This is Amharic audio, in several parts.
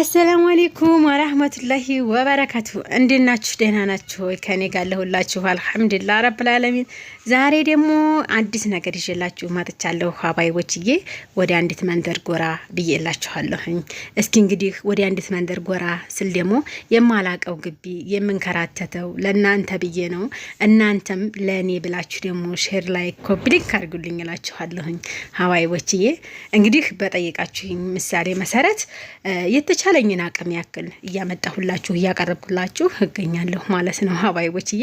አሰላሙ አሌይኩም ወራህመቱላሂ ወበረካቱ። እንዴት ናችሁ? ደህና ናችሁ? ከኔ ጋር ለሁላችሁ አልሐምዱላ ረብል ዛሬ ደግሞ አዲስ ነገር ይዤላችሁ መጥቻለሁ። ሀባይቦችዬ ወደ አንዲት መንደር ጎራ ብዬላችኋለሁኝ። እስኪ እንግዲህ ወደ አንዲት መንደር ጎራ ስል ደግሞ የማላቀው ግቢ የምንከራተተው ለእናንተ ብዬ ነው። እናንተም ለእኔ ብላችሁ ደግሞ ሼር ላይ ኮፕሊክ አድርጉልኝ እላችኋለሁኝ። ሀባይቦችዬ እንግዲህ በጠየቃችሁኝ ምሳሌ መሰረት የተቻ የተቻለኝን አቅም ያክል እያመጣሁላችሁ እያቀረብኩላችሁ እገኛለሁ ማለት ነው። ሀባይቦችዬ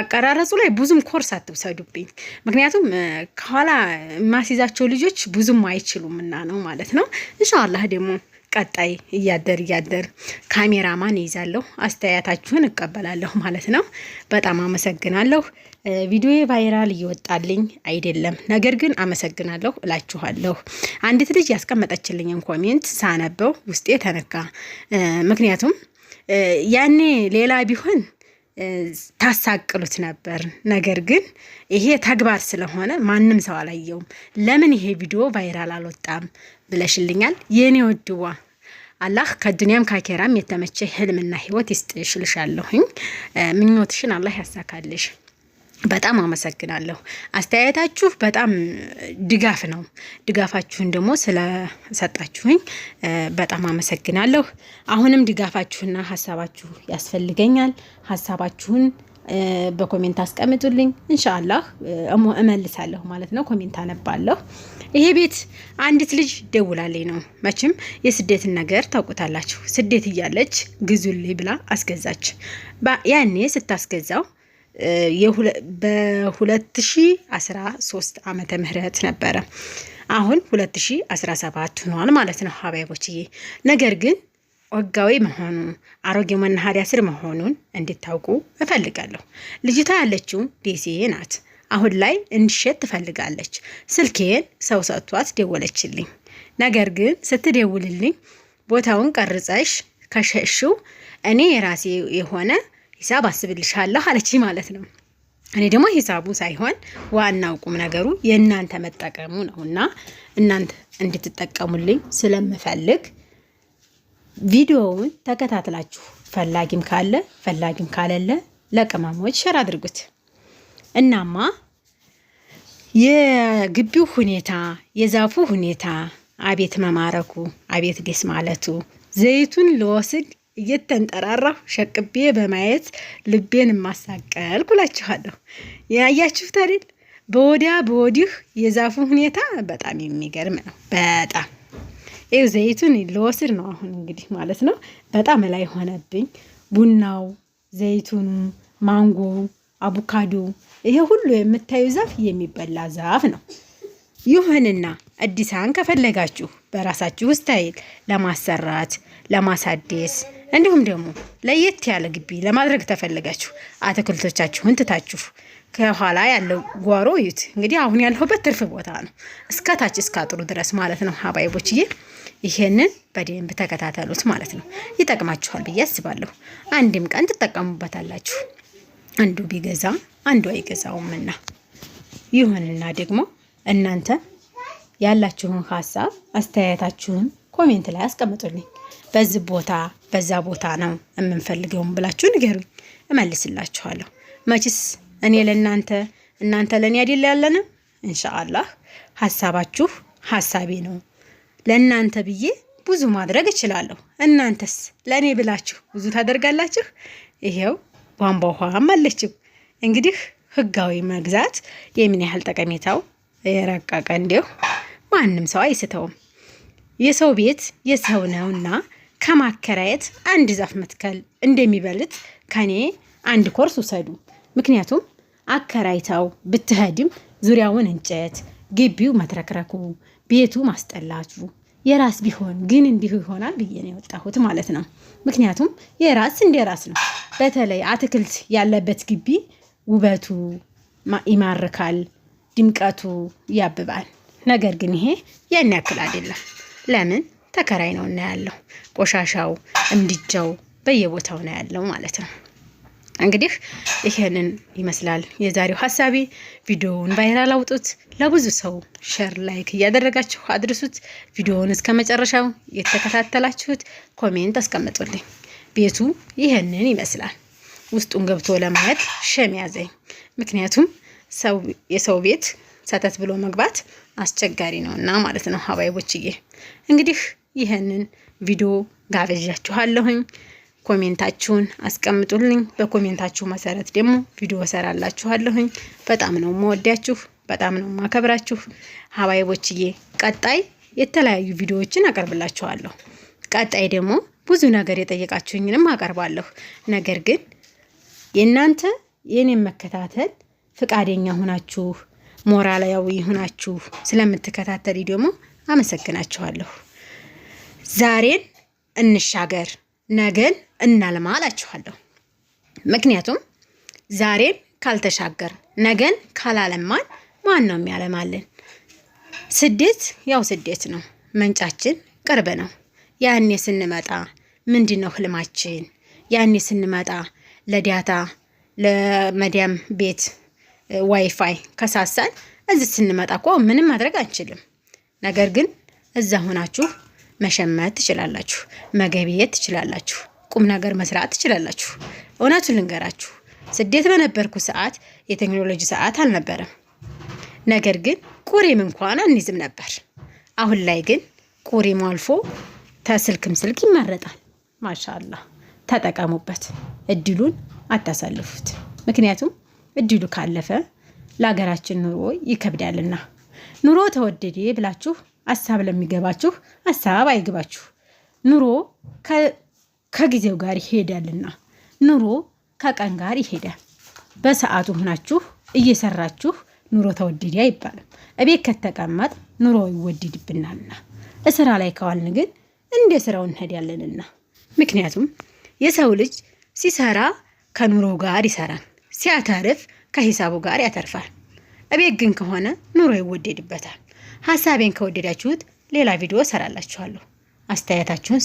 አቀራረጹ ላይ ብዙም ኮርስ አትውሰዱብኝ፣ ምክንያቱም ከኋላ የማስይዛቸው ልጆች ብዙም አይችሉም እና ነው ማለት ነው። እንሻላህ ደግሞ ቀጣይ እያደር እያደር ካሜራማን ይዛለሁ፣ አስተያየታችሁን እቀበላለሁ ማለት ነው። በጣም አመሰግናለሁ። ቪዲዮ ቫይራል እየወጣልኝ አይደለም፣ ነገር ግን አመሰግናለሁ እላችኋለሁ። አንዲት ልጅ ያስቀመጠችልኝን ኮሜንት ሳነበው ውስጤ ተነካ። ምክንያቱም ያኔ ሌላ ቢሆን ታሳቅሉት ነበር። ነገር ግን ይሄ ተግባር ስለሆነ ማንም ሰው አላየውም። ለምን ይሄ ቪዲዮ ቫይራል አልወጣም ብለሽልኛል የኔ ወድዋ አላህ ከዱንያም ካኬራም የተመቸ ህልምና ህይወት ይስጥሽ ምኞትሽን አላህ ያሳካልሽ። በጣም አመሰግናለሁ። አስተያየታችሁ በጣም ድጋፍ ነው። ድጋፋችሁን ደግሞ ስለሰጣችሁኝ በጣም አመሰግናለሁ። አሁንም ድጋፋችሁና ሀሳባችሁ ያስፈልገኛል። ሀሳባችሁን በኮሜንት አስቀምጡልኝ። እንሻላህ እመልሳለሁ ማለት ነው። ኮሜንት አነባለሁ። ይሄ ቤት አንዲት ልጅ ደውላልኝ ነው። መቼም የስደትን ነገር ታውቁታላችሁ። ስደት እያለች ግዙልኝ ብላ አስገዛች። ያኔ ስታስገዛው በ2013 ዓመተ ምህረት ነበረ። አሁን 2017 ሆኗል ማለት ነው ሀባይቦችዬ ነገር ግን ወጋዊ መሆኑን አሮጌ መናኸሪያ ስር መሆኑን እንድታውቁ እፈልጋለሁ። ልጅቷ ያለችው ዴሴ ናት። አሁን ላይ እንድሸት ትፈልጋለች። ስልኬን ሰው ሰጥቷት ደወለችልኝ። ነገር ግን ስትደውልልኝ ቦታውን ቀርጸሽ ከሸሽው እኔ የራሴ የሆነ ሂሳብ አስብልሻለሁ አለች ማለት ነው። እኔ ደግሞ ሂሳቡ ሳይሆን ዋናው ቁም ነገሩ የእናንተ መጠቀሙ ነው እና እናንተ እንድትጠቀሙልኝ ስለምፈልግ ቪዲዮውን ተከታትላችሁ ፈላጊም ካለ ፈላጊም ካለለ ለቅመሞች ሸር አድርጉት። እናማ የግቢው ሁኔታ የዛፉ ሁኔታ አቤት መማረኩ፣ አቤት ደስ ማለቱ ዘይቱን ልወስድ እየተንጠራራሁ ሸቅቤ በማየት ልቤን ማሳቀል ኩላችኋለሁ። ያያችሁት አይደል? በወዲያ በወዲህ የዛፉ ሁኔታ በጣም የሚገርም ነው። በጣም ይህ ዘይቱን ልወስድ ነው አሁን እንግዲህ ማለት ነው። በጣም ላይ ሆነብኝ። ቡናው፣ ዘይቱኑ፣ ማንጎ፣ አቡካዶ ይሄ ሁሉ የምታዩ ዛፍ የሚበላ ዛፍ ነው። ይሁንና እድሳን ከፈለጋችሁ በራሳችሁ ስታይል ለማሰራት ለማሳደስ እንዲሁም ደግሞ ለየት ያለ ግቢ ለማድረግ ተፈለጋችሁ አትክልቶቻችሁን ትታችሁ ከኋላ ያለው ጓሮ እዩት። እንግዲህ አሁን ያለሁበት ትርፍ ቦታ ነው፣ እስከ ታች እስከ አጥሩ ድረስ ማለት ነው ሀባይቦችዬ። ይሄንን በደንብ ተከታተሉት ማለት ነው። ይጠቅማችኋል ብዬ አስባለሁ። አንድም ቀን ትጠቀሙበታላችሁ። አንዱ ቢገዛ አንዱ አይገዛውምና ይሁንና ደግሞ እናንተ ያላችሁን ሀሳብ አስተያየታችሁን ኮሜንት ላይ አስቀምጡልኝ። በዚህ ቦታ በዛ ቦታ ነው የምንፈልገውም ብላችሁ ንገሩኝ፣ እመልስላችኋለሁ። መችስ እኔ ለእናንተ እናንተ ለእኔ አይደል ያለንም። እንሻአላህ ሀሳባችሁ ሀሳቤ ነው ለእናንተ ብዬ ብዙ ማድረግ እችላለሁ። እናንተስ ለእኔ ብላችሁ ብዙ ታደርጋላችሁ። ይሄው ቧንቧ ውሃም አለችው። እንግዲህ ህጋዊ መግዛት የምን ያህል ጠቀሜታው የረቀቀ እንዲሁ ማንም ሰው አይስተውም። የሰው ቤት የሰው ነውና ከማከራየት አንድ ዛፍ መትከል እንደሚበልጥ ከኔ አንድ ኮርስ ውሰዱ። ምክንያቱም አከራይታው ብትሄድም ዙሪያውን እንጨት ግቢው መትረክረኩ ቤቱ ማስጠላቱ የራስ ቢሆን ግን እንዲሁ ይሆናል ብዬ ነው የወጣሁት ማለት ነው። ምክንያቱም የራስ እንደ ራስ ነው። በተለይ አትክልት ያለበት ግቢ ውበቱ ይማርካል፣ ድምቀቱ ያብባል። ነገር ግን ይሄ ያን ያክል አይደለም። ለምን ተከራይ ነው እና ያለው ቆሻሻው እምድጃው በየቦታው ነው ያለው ማለት ነው። እንግዲህ ይሄንን ይመስላል የዛሬው ሀሳቤ። ቪዲዮውን ቫይራል አውጡት፣ ለብዙ ሰው ሸር፣ ላይክ እያደረጋችሁ አድርሱት። ቪዲዮውን እስከ መጨረሻው የተከታተላችሁት ኮሜንት አስቀምጡልኝ። ቤቱ ይሄንን ይመስላል። ውስጡን ገብቶ ለማየት ሸም ያዘኝ። ምክንያቱም የሰው ቤት ሰተት ብሎ መግባት አስቸጋሪ ነው እና ማለት ነው። ሀባይቦችዬ እንግዲህ ይህንን ቪዲዮ ጋበዣችኋለሁኝ። ኮሜንታችሁን አስቀምጡልኝ። በኮሜንታችሁ መሰረት ደግሞ ቪዲዮ ሰራላችኋለሁኝ። በጣም ነው መወዳችሁ፣ በጣም ነው ማከብራችሁ ሀባይቦችዬ። ቀጣይ የተለያዩ ቪዲዮዎችን አቀርብላችኋለሁ። ቀጣይ ደግሞ ብዙ ነገር የጠየቃችሁኝንም አቀርባለሁ። ነገር ግን የእናንተ የእኔን መከታተል ፍቃደኛ ሆናችሁ ሞራላዊ ሆናችሁ ስለምትከታተል ደግሞ አመሰግናችኋለሁ። ዛሬን እንሻገር ነገን እናልማ አላችኋለሁ። ምክንያቱም ዛሬን ካልተሻገር ነገን ካላለማን ማን ነው የሚያለማልን? ስደት ያው ስደት ነው። መንጫችን ቅርብ ነው። ያኔ ስንመጣ ምንድን ነው ህልማችን? ያኔ ስንመጣ ለዳታ ለመዲያም ቤት ዋይፋይ ከሳሳን እዚህ ስንመጣ እኮ ምንም ማድረግ አንችልም። ነገር ግን እዛ ሆናችሁ መሸመት ትችላላችሁ፣ መገብየት ትችላላችሁ። ቁም ነገር መስራት ትችላላችሁ። እውነቱን ልንገራችሁ፣ ስደት በነበርኩ ሰዓት የቴክኖሎጂ ሰዓት አልነበረም። ነገር ግን ቁሬም እንኳን አንይዝም ነበር። አሁን ላይ ግን ቁሬም አልፎ ተስልክም ስልክ ይመረጣል። ማሻላ ተጠቀሙበት፣ እድሉን አታሳልፉት። ምክንያቱም እድሉ ካለፈ ለሀገራችን ኑሮ ይከብዳልና። ኑሮ ተወደዴ ብላችሁ ሀሳብ ለሚገባችሁ ሀሳብ አይግባችሁ። ኑሮ ከጊዜው ጋር ይሄዳልና ኑሮ ከቀን ጋር ይሄዳል። በሰዓቱ ሆናችሁ እየሰራችሁ ኑሮ ተወደደ አይባልም። እቤት ከተቀመጥ ኑሮ ይወደድብናልና እስራ ላይ ከዋልን ግን እንደ ስራው እንሄዳለንና። ምክንያቱም የሰው ልጅ ሲሰራ ከኑሮ ጋር ይሰራል፣ ሲያተርፍ ከሂሳቡ ጋር ያተርፋል። እቤት ግን ከሆነ ኑሮ ይወደድበታል። ሀሳቤን ከወደዳችሁት ሌላ ቪዲዮ እሰራላችኋለሁ። አስተያየታችሁን